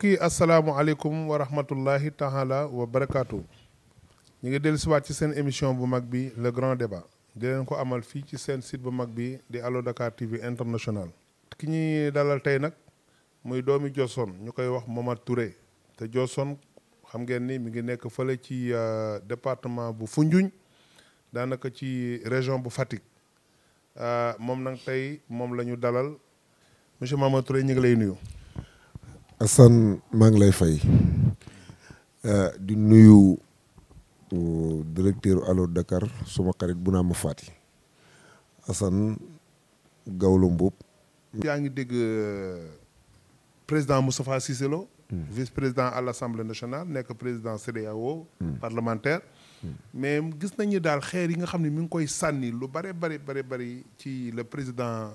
mbokk yi asalaamualeykum wa rahmatullahi taala wa barakaatu. ñu ngi dellu siwaat ci seen émission bu mag bi le grand débat ko amal fii ci seen site bu mag bi di Allo Dakar TV international ki ñuy dalal tey nag muy doomi josoon ñu koy wax Momar Touré te Diossone xam ngeen ni mi ngi nekk fële ci euh, département bu Foundiougne daanaka ci région bu Fatick euh, moom nag tey moom la ñu dalal monsieur Momar Touré ñu ngi lay nuyu Assane mang lay fay euh, di nuyu euh, directeur Allo Dakar suma Karit bu naa ma faati Assane Gawlo Mboup euh, président Moussa Cissé Lo hmm. vice président à l'Assemblée nationale nekk président CEDEAO hmm. parlementaire hmm. mais gis nañu dal xeer yi nga xam ne mi koy bare bari le président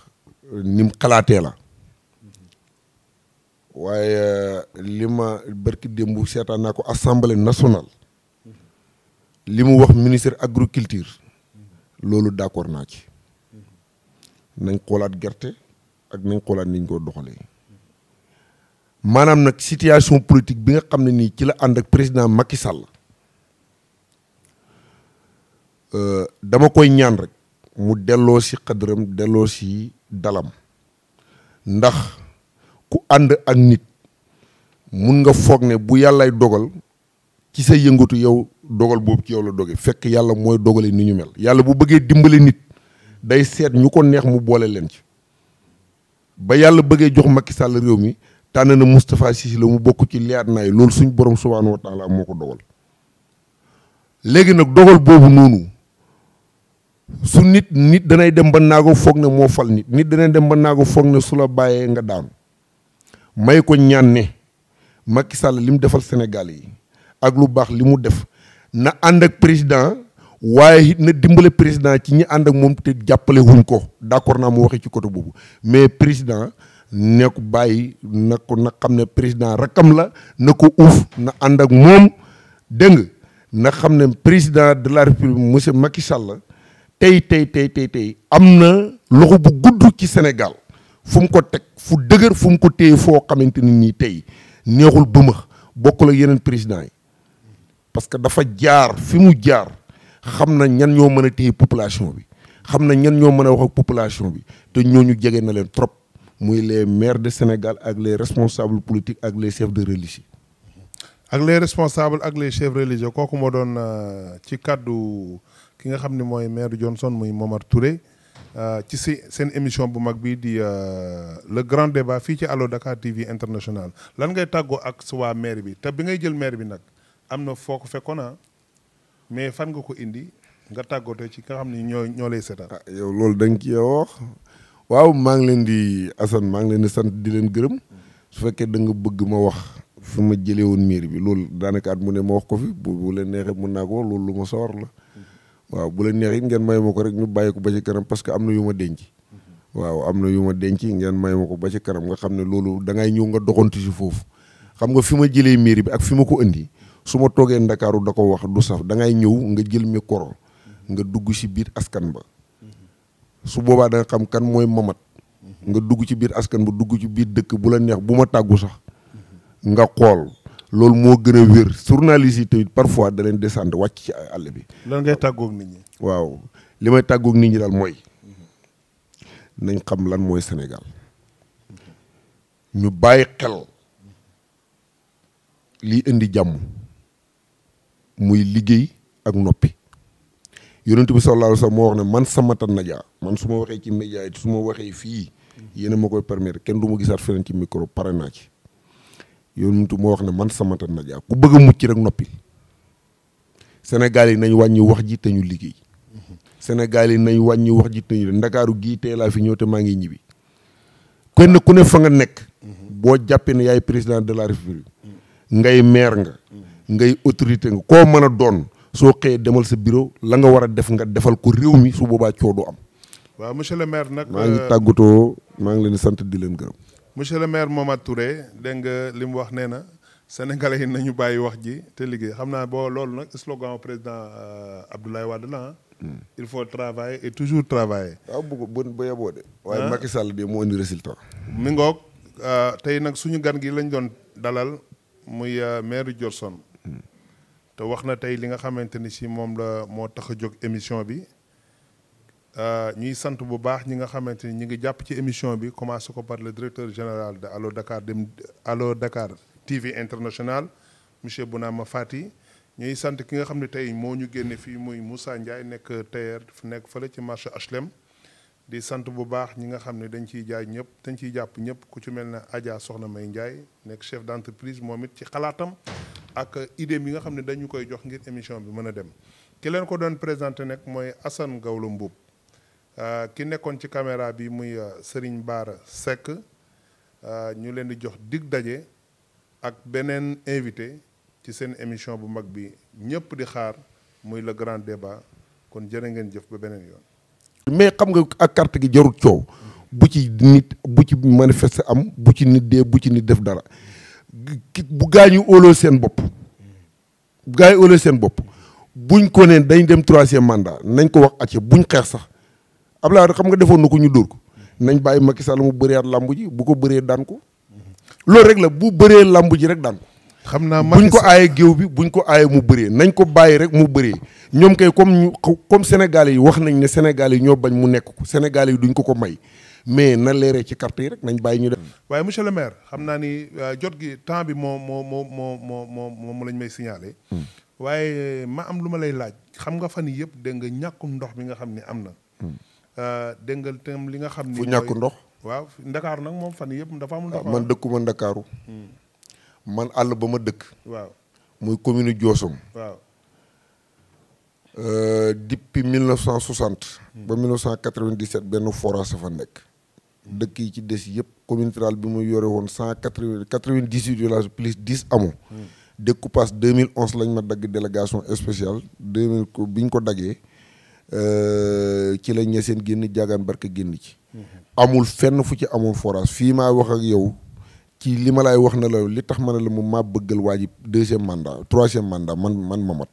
ni mu xalaatee la waaye euh, li ma barki démb seetaan naa ko assemblée national li mu wax ministre agriculture loolu d'accord naa ci nañ xoolaat gerte ak nañ xoolaat niñ ko doxalee maanaam nag situation politique bi nga xam ne nii ci la ànd ak président Macky Sall euh, dama koy ñaan rek mu delloo si xadram delloo si dalam ndax ku ànd ak nit mun nga foog ne bu yàllay dogal ci sa yëngatu yow dogal boobu ci yow la doge fekk yàlla mooy dogale ni ñu mel yàlla bu bëggee dimbale nit day seet ñu ko neex mu boole leen ci ba yàlla bëggee jox makki sàll réew mi tànn na Moustapha Cissé la mu bokk ci liaat naay loolu suñ borom subhaanahu wa taala moo ko dogal léegi nag dogal boobu noonu su nit nit danay dem ba naago foog ne moo fal nit nit danay dem ba naago foog ne su la bàyyee nga daanu may ko ñaan ne Macky Sall li mu defal Sénégal yi ak lu baax li mu def na ànd ak président waaye na dimbale président ci ñi ànd ak moom te jàppale wuñ ko d'accord naa mu waxee ci côté boobu mais président ne bàyyi na ko na xam ne président rakkam la na ko uuf na ànd ak moom dégg nga na xam ne président de la république monsieur Macky Sall tey tey tey tey tey am na loxo bu gudd ci Sénégal fu ko teg fu dëgër fum ko téye foo xamante ni nii tey neexul bëma bokk la yeneen président yi parce que dafa jaar fi mu jaar xam na ñan ñoo mën a téye population bi xam na ñan ñoo mën a wax population bi te ñu jege na leen trop muy les maire de Sénégal ak les responsables politique ak les chef de religieux. ak les responsables ak les chefs religieux kooku moo doon euh, ci kàddu. ki nga xam ne mooy maire Johnson muy Momar Touré euh, ci si seen émission bu mag bii di euh, le grand débat fii ci Allo Dakar TV international lan ngay tàggoo ak su waa maire bi te bi ngay jël maire bi nag am na foo ko fekkoon na ah, mais fan nga ko indi nga tàggootee ci nga xam ne ñoo ñoo lay seetal. Ah, yow loolu da ci wax waaw maa ngi leen di Assane maa ngi leen di sant di leen gërëm su fekkee da nga bëgg ma wax. fi ma jëlee woon mairie bi loolu daanaka at mu ne ma wax ko fi bu bu leen neexee mën naa wax loolu lu ma sawar la waaw bu la neex it ngeen may ko rek ñu bàyyi ko ba ci kanam parce que am na yu ma denc waaw am na yu ma denc ngeen may ma ko ba ci kanam nga xam ne loolu da ñëw nga doxantu si foofu xam nga fi ma jëlee mairie bi ak fi ma ko indi su ma toogee ndakaaru da ko wax du saf da ngay ñëw nga jël koro nga dugg si biir askan ba su boobaa da xam kan mooy mamat nga dugg ci biir askan ba dugg ci biir dëkk bu la neex bu ma tàggu sax nga xool loolu moo gën a wér journaliste yi tamit parfois da leen descendre wàcc ci àll bi. lan ngay tàggoog nit ñi. waaw li may tàggoog nit ñi daal mooy nañ xam lan mooy Sénégal ñu bàyyi xel liy indi jàmm muy liggéey ak noppi. yonent bi sallallahu alayhi wasallam moo wax ne man samatan najaa man su ma waxee ci média yi su ma waxee fii yéen a ma koy permettre kenn du ma gisaat feneen ci micro pare naa ci. yonent moo wax ne man samata najaa ku bëgg a mucc rek noppi Sénégal yi nañ wàññi wax ji te ñu liggéey Sénégal yi nañ wàññi wax ji te ñu ndakaaru gii tey laa fi ñëw te maa ngi ñibbi kenn ku ne fa nga nekk boo jàppee ne yaay président de la république ngay mair nga ngay autorité nga koo mën a doon soo xëyee demal sa bureau la nga war a def nga defal ko réew mi su boobaa coodu am waaw monsieur le maire nag maa ngi euh, tàggatoo maa ngi leen di sant di leen gërëm monsieur le maire Momad Touré dégg nga li mu wax nee na sénégalais yi nañu bàyyi wax ji te liggéey xam naa boo loolu nag slogan président euh, Abdoulaye Wade la hmm. il faut travailler et toujours travailler. waaw bu bu yeboo de. waaye Macky Sall bi moo indi résultat. mi ngoog euh, tey nag suñu gan gi lañ doon dalal muy euh, maire Diorsone hmm. te wax na tey li nga xamante ni si moom la moo tax a jóg émission bi. Euh, ñuy sant bu baax ñi nga xamante ni ñu ngi jàpp ci émission bi commencé ko par le directeur général de Allo Dakar dem Allo Dakar TV international monsieur ma faati ñuy sant ki nga xam ne tey moo ñu génnee fii muy Moussa Ndiaye nekk tailleur nekk fële ci marché HLM di sant bu baax ñi nga xam ne dañ ciy jaay ñëpp dañ ciy jàpp ñëpp ku ci mel ne Adja Soxna May Ndiaye nekk chef d'entreprise moom it ci xalaatam ak idéem mi nga xam ne dañu koy jox ngir émission bi mën a dem ki leen ko doon présenté nag mooy Assane Gawlo Mbuub Euh, ki nekkoon ci caméra bi muy euh, Serigne Bara Seck euh, ñu leen di jox dig daje ak beneen invité ci seen émission bu mag bi ñëpp di xaar muy le grand débat kon jërë ngeen jëf ba beneen yoon. mais xam nga ak carte gi jarut coow bu ci nit bu ci manifester am bu ci nit dee bu ci nit def dara bu gaañu óoloo seen bopp bu seen bopp buñ ko neen dañ dem troisième mandat nañ ko wax acce buñ xeex sax. Abdoulaye Wade xam nga defoon na ko ñu dóor ko nañ bàyyi Macky Sall mu bëreeyaat làmb ji bu ko bëree daan ko loolu rek la bu bëree làmb ji rek daan ko. xam naa buñ ko aaye géew bi buñ ko aaye mu bëree nañ ko bàyyi rek mu bëree ñoom kay comme comme sénégalais yi wax nañ ne sénégalais yi ñoo bañ mu nekk ko sénégalais yi duñ ko ko may mais na leeree ci carte yi rek nañ bàyyi ñu def. waaye monsieur le maire xam naa ni euh, jot gi temps bi moo moo moo moo moo moo moo lañ may signalé. Hmm. waaye ma am lu ma lay laaj xam nga fan yëpp dégg nga ñàkkum ndox mi nga xam ni am na. Hmm. Euh, dégg nga tam li nga xam ni. fu ñàkk ndox. waaw ndakaaru nag moom fan yëpp dafa amul ndox. Ah, man dëkkuma ndakaaru. Hmm. man àll ba ma dëkk. waaw muy commune Diossong. waaw. Euh, depuis 1960. Hmm. ba 1997 benn forage fa nekk. Hmm. dëkk yi ci des yëpp commune rurale bi mu yore woon cent quatre vingt quatre vingt dix huit villages plus dix amoo. découpage 2011 lañ ma dagg délégation spéciale 2000 ko bi ko daggee. Euh, ci la seen génn jaagaan barka génn ci amul fenn fu ci amul forage fii maa wax ak yow ci li ma laay wax na la li tax ma na la mu maa bëggal waa ji deuxième mandat troisième mandat man man ma mat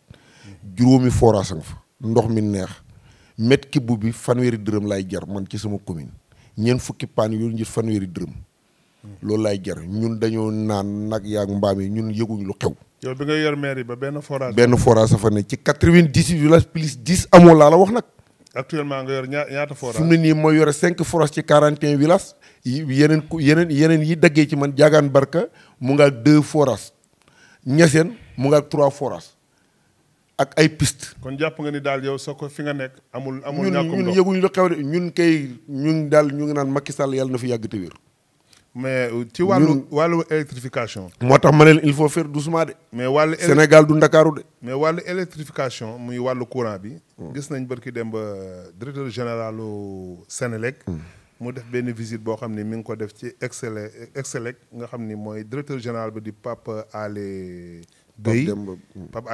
juróomi forage fa ndox mi neex mètre kibbu bi fanweeri dërëm laay jar man ci sama commune ñeent fukki paan yu njit fanweeri dërëm loolu laay jar ñun dañoo naan nag yaag mbaam yi ñun yëguñ lu xew yow bi nga yor mairie ba benn forage. benn forage sa fa ne ci quatre-vingt-dix-huit village plus dix amoo laa la wax nag. actuellement nga yor ñaata ne nii ma yore cinq forage ci quarante et un yeneen ku yeneen yeneen yi daggee ci man jaagaan barka mu nga ak deux forage ñaseen mu nga ak trois forage ak ay piste kon jàpp nga ni daal yow soo ko fi nga nekk amul. amul ñàkkum ndox ñun ñun yëguñu lu xew de ñun kay ñun daal ñu ngi naan makki Sall yàlla na fi yàgg te wér. mais tu vois l'électrification. il faut faire doucement mais Sénégal du mais l'électrification, électrification courant bi. Sénélec. Hmm. visite euh, directeur général du hmm. Pape Pape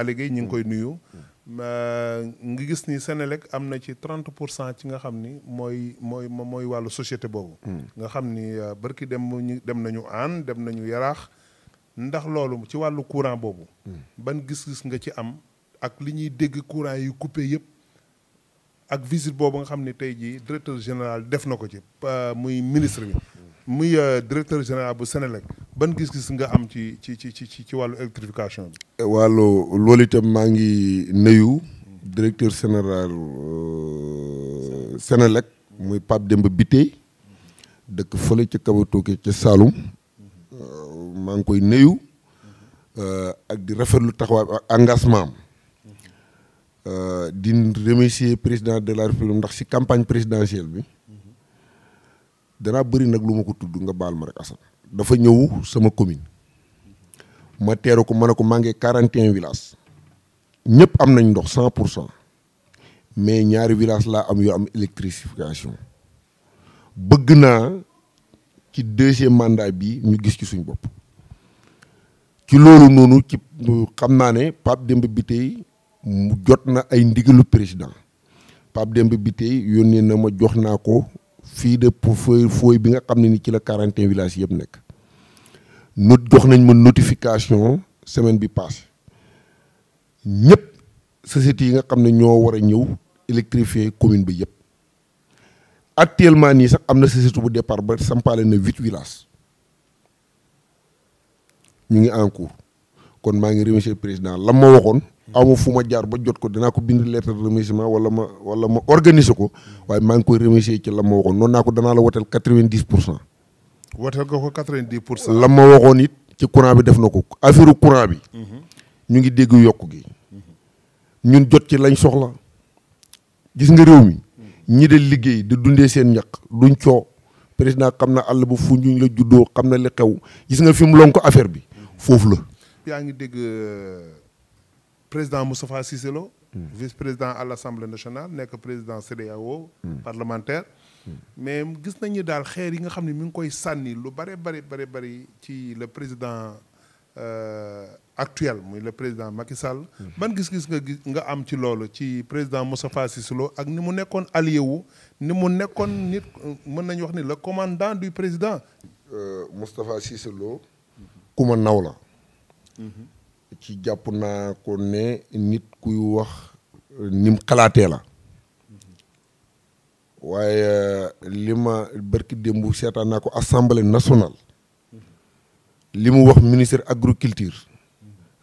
nga gis ni Senelec am na ci trente pour cent ci nga xam ni mooy mooy mooy wàllu société boobu. Hmm. nga xam ni euh, barki dem ñu dem nañu aan dem nañu yaraax ndax loolu ci wàllu courant boobu. Hmm. ban gis-gis nga ci am ak li ñuy dégg courant yu coupé yëpp. ak visite boobu nga xam ne tey jii directeur général def na ko ci muy ministre bi muy euh, directeur général bu Senelec ban gis-gis nga am ci ci ci ci ci wàllu électrification bi. Eh, wàllu loolu itam maa ngi nuyu directeur général euh, Senelec muy Pape Demba Bitèye dëkk fële ca Kabatoki ca Saloum euh, maa ngi koy nuyu ak di rafetlu taxawaay ak engagement am di remercier président de la République ndax si campagne présidentielle bi. danaa bari nag lu ma ko tudd nga baal ma rek Assane. dafa ñëw sama commune ma teeru ko ma ne ko maa ngi 41 villages ñëpp am nañ ndox 100 pour cent mais ñaari village laa am yoo am électrification bëgg naa ci deuxième mandat bi ñu gis ci suñ bopp ci loolu noonu ci xam naa ne Pape Demba Bitèye mu jot na ay ndigalu président Pape Demba Bitèye yónnee na ma jox naa ko fii de fooy fooy bi nga xam ne ni ci la 41 villages yëpp nekk not jox nañ ma notification semaine bi passée ñëpp sociétés yi nga xam ne ñoo war a ñëw électrifier commune bi yëpp actuellement nii sax am na société bu départ ba sampale na huit villages ñu ngi en cours kon maa ngi remercier président la ma waxoon awma fu ma jaar ba jot ko dinaa ko bind lettre de remerciement wala ma wala ma organiser ko waaye maa ngi koy remercier ci la ma waxoon noonu naa ko danaa la woteel quatre-vingt-dix pour cent. woteel ko quatre-vingt-dix pour cent. la ma waxoon it ci bi def na ko affaire courant bi. Mhm. ñu ngi dégg yokk gi. ñun jot ci lañ soxla. gis nga réew mi. ñi de liggéey di dundee seen ñaq duñ coo président xam na àll bu fu ñu la juddoo xam na li xew gis nga fi mu lonk affaire bi foofu la. yaa ngi dégg. Euh, président Moustapha Sissolo, hmm. vice-président à l'Assemblée nationale que président CEDEAO hmm. parlementaire hmm. mais le président euh, actuel le président Macky Sall. le président Moustapha Siselo allié le commandant du président. Euh, Moustapha ci jàpp na ko ne nit kuy wax euh, ni mu xalaatee la waaye euh, li ma barki démb seetaan na ko assemblée national li mu wax ministre agriculture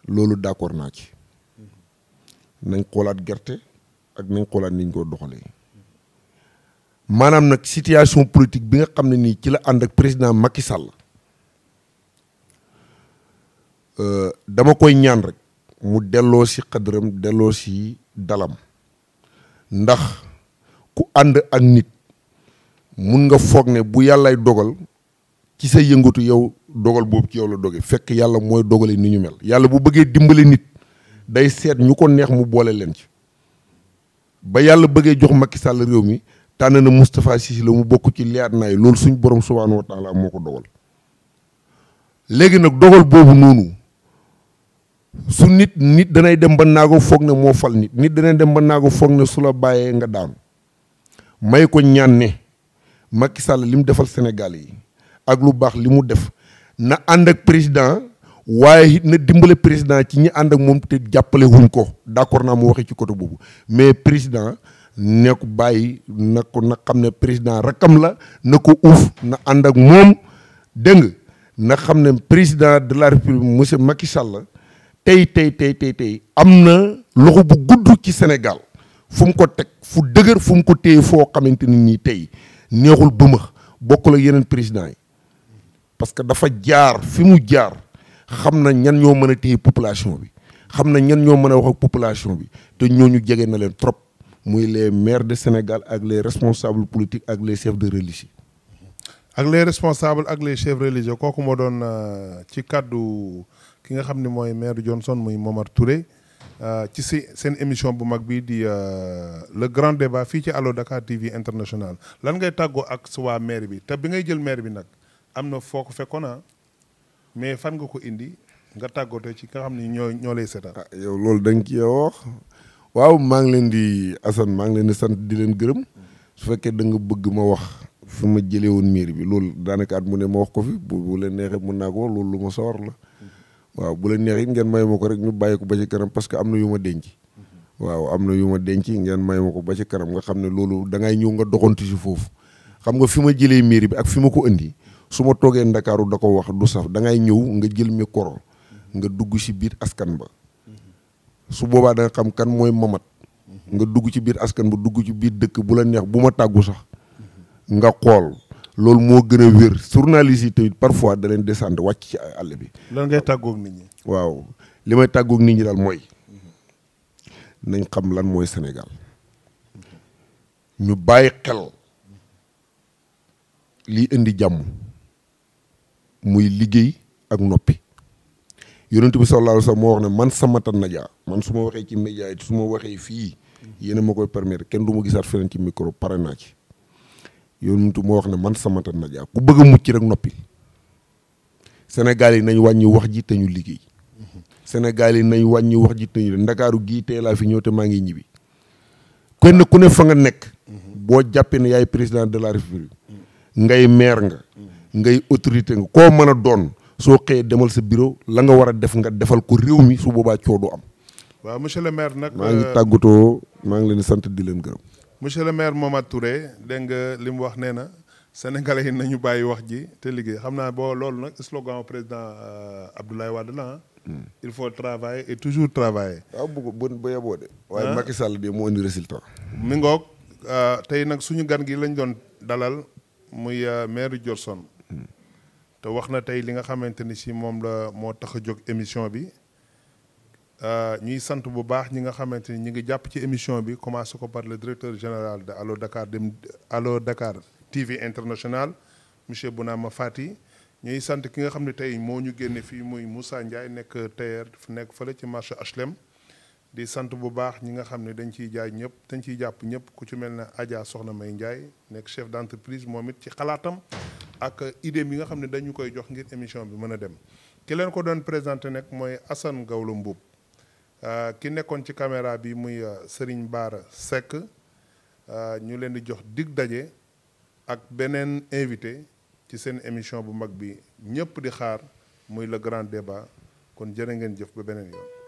loolu d'accord naa ci nañ xoolaat gerte ak nañ xoolaat niñ ko doxalee maanaam nag situation politique bi nga xam ne nii ci la ànd ak président Macky Euh, dama koy ñaan rek mu delloo si xadram delloo si dalam ndax ku ànd ak nit mun nga foog ne bu yàllay dogal ci sa yëngatu yow dogal boobu ci yow la doge fekk yàlla mooy dogale ni ñu mel yàlla bu bëggee dimbale nit day seet ñu ko neex mu boole leen ci ba yàlla bëggee jox Macky Sall réew mi tànn na Moustapha Cissé mu bokk ci liyaat naa yi loolu suñ borom subhaanahu wa taala moo ko dogal léegi nag dogal boobu noonu su nit nit danay dem ba naago foog ne moo fal nit nit danay dem ba naago foog ne su la bàyyee nga daanu may ko ñaan ne Macky Sall li mu defal Sénégal yi ak lu baax li mu def na ànd ak président waaye na dimbale président ci ñi ànd ak moom teg jàppale wuñ ko d'accord naa mu waxee ci côté boobu mais président ne bàyyi na ko na xam ne président rakam la na ko uuf na ànd ak moom dégg nga na xam ne président de la république monsieur Macky Sall tey tey tey tey tey am na loxo bu gudd ci Sénégal fu ko teg fu dëgër fum mu ko téye foo xamante ni nii tey neexul bëmëx bokkul ak yeneen président yi parce que dafa jaar fi mu jaar xam na ñan ñoo mën a téye population bi xam na ñan ñoo mën a wax population bi te ñu jege na leen trop muy les maires de Sénégal ak les responsable politique ak les chefs de religieux. ak les responsables ak les chefs religieux kooku moo doon euh, ci kàddu. ki nga xam ne mooy maire Johnson muy Momar Touré euh, ci si seen émission bu mag bii di euh, le grand débat fii ci Allo Dakar TV international lan ngay tàggoo ak sa waa maire bi te bi ngay jël maire bi nag am na foo ko fekkoon ah, mais fan nga ko indi nga tàggatoo ci nga xam ne ñoo lay seetaan. ah yow loolu da nga wax waaw maa ngi leen di Assane maa ngi leen di sant di leen gërëm su fekkee da nga bëgg ma wax. fi ma jëlee woon miir bi loolu daanaka at mu ne ma wax ko fi bu bu leen neexee mën naa wax loolu lu ma sawar la waaw bu la neex it ngeen may ma ko rek ñu bàyyi ko ba ci kanam parce am na yu ma denc waaw am na yu ma denc ngeen may ma ko ba ci kanam nga xam ne loolu dangay ñëw nga doxantu si foofu xam nga fi ma jëlee mairie bi ak fi ma ko indi su ma toogee ndakaaru da ko wax du saf dangay ñëw nga jël koro nga dugg si biir askan ba su boobaa da xam kan mooy mamat nga dugg ci biir askan ba dugg ci biir dëkk bu la neex bu ma tàggu sax nga xool loolu moo gën a wér journaliste yi tamit parfois da leen descendre wàcc ci àll bi. lan ngay tàggoog nit ñi. waaw li may tàggoog nit ñi daal mooy nañ xam lan mooy senegal ñu bàyyi xel liy indi jàmm muy liggéey ak noppi. yonent bi sallallahu alayhi wa sallam moo wax ne man sama tan najaa man su ma waxee ci média yi su ma waxee fii yéen a ma koy permettre kenn du ma gisaat feneen ci micro pare naa ci. yonentu moo wax ne man samatan na jaa ku bëgg a mucc rek noppi Sénégal yi nañ wàññi wax ji te ñu liggéey Sénégal yi nañ wàññi wax ji te ñu ndakaaru gii tey laa fi ñëw te maa ngi ñibbi kenn ku ne fa nga nekk boo jàppee ne yaay président de la république ngay maire nga ngay autorité nga koo mën a doon soo xëyee demal sa bureau la nga war a def nga defal ko réew mi su boobaa coow am waaw monsieur le maire nag maa ngi euh, tàggatoo maa ngi leen sant di leen gërëm monsieur le maire Momad Touré dégg nga li wax nee na sénégalais yi nañu bàyyi wax ji te liggéey xam naa boo loolu nag slogan président euh, Abdoulaye Wade la ah. hmm. il faut travailler et toujours travailler. waaw bu bu yeboo de. Ah. waaye Macky Sall bi moo indi résultat. mi ngoog euh, tey nag suñu gan gi lañ doon dalal muy euh, maire Diorsone. Hmm. te wax na tey li nga xamante ni si moom la moo tax a jóg émission bi. Euh, ñuy sant bu baax ñi nga xamante ni ñu ngi jàpp ci émission bi commencé ko par le directeur général de Allo Dakar dem Allo Dakar TV international monsieur ma faati ñuy sant ki nga xam ne tey moo ñu génnee fii muy Moussa Ndiaye nekk tailleur nekk fële ci marché HLM di sant bu baax ñi nga xam ne dañ ciy jaay ñëpp dañ ciy jàpp ñëpp ku ci mel ne Adja Soxna May Ndiaye nekk chef d'entreprise moom it ci xalaatam ak idéem yi nga xam ne dañu koy jox ngir émission bi mën a dem ki leen ko doon présenté nag mooy Assane Gawlo Mbuub Euh, ki nekkoon ci caméra bi muy euh, Serigne Bara sec euh, ñu leen di jox dig dajé ak benen invité ci sen émission bu mag bi ñëpp di xaar muy le grand débat kon jërë ngeen jëf ba benen yoon.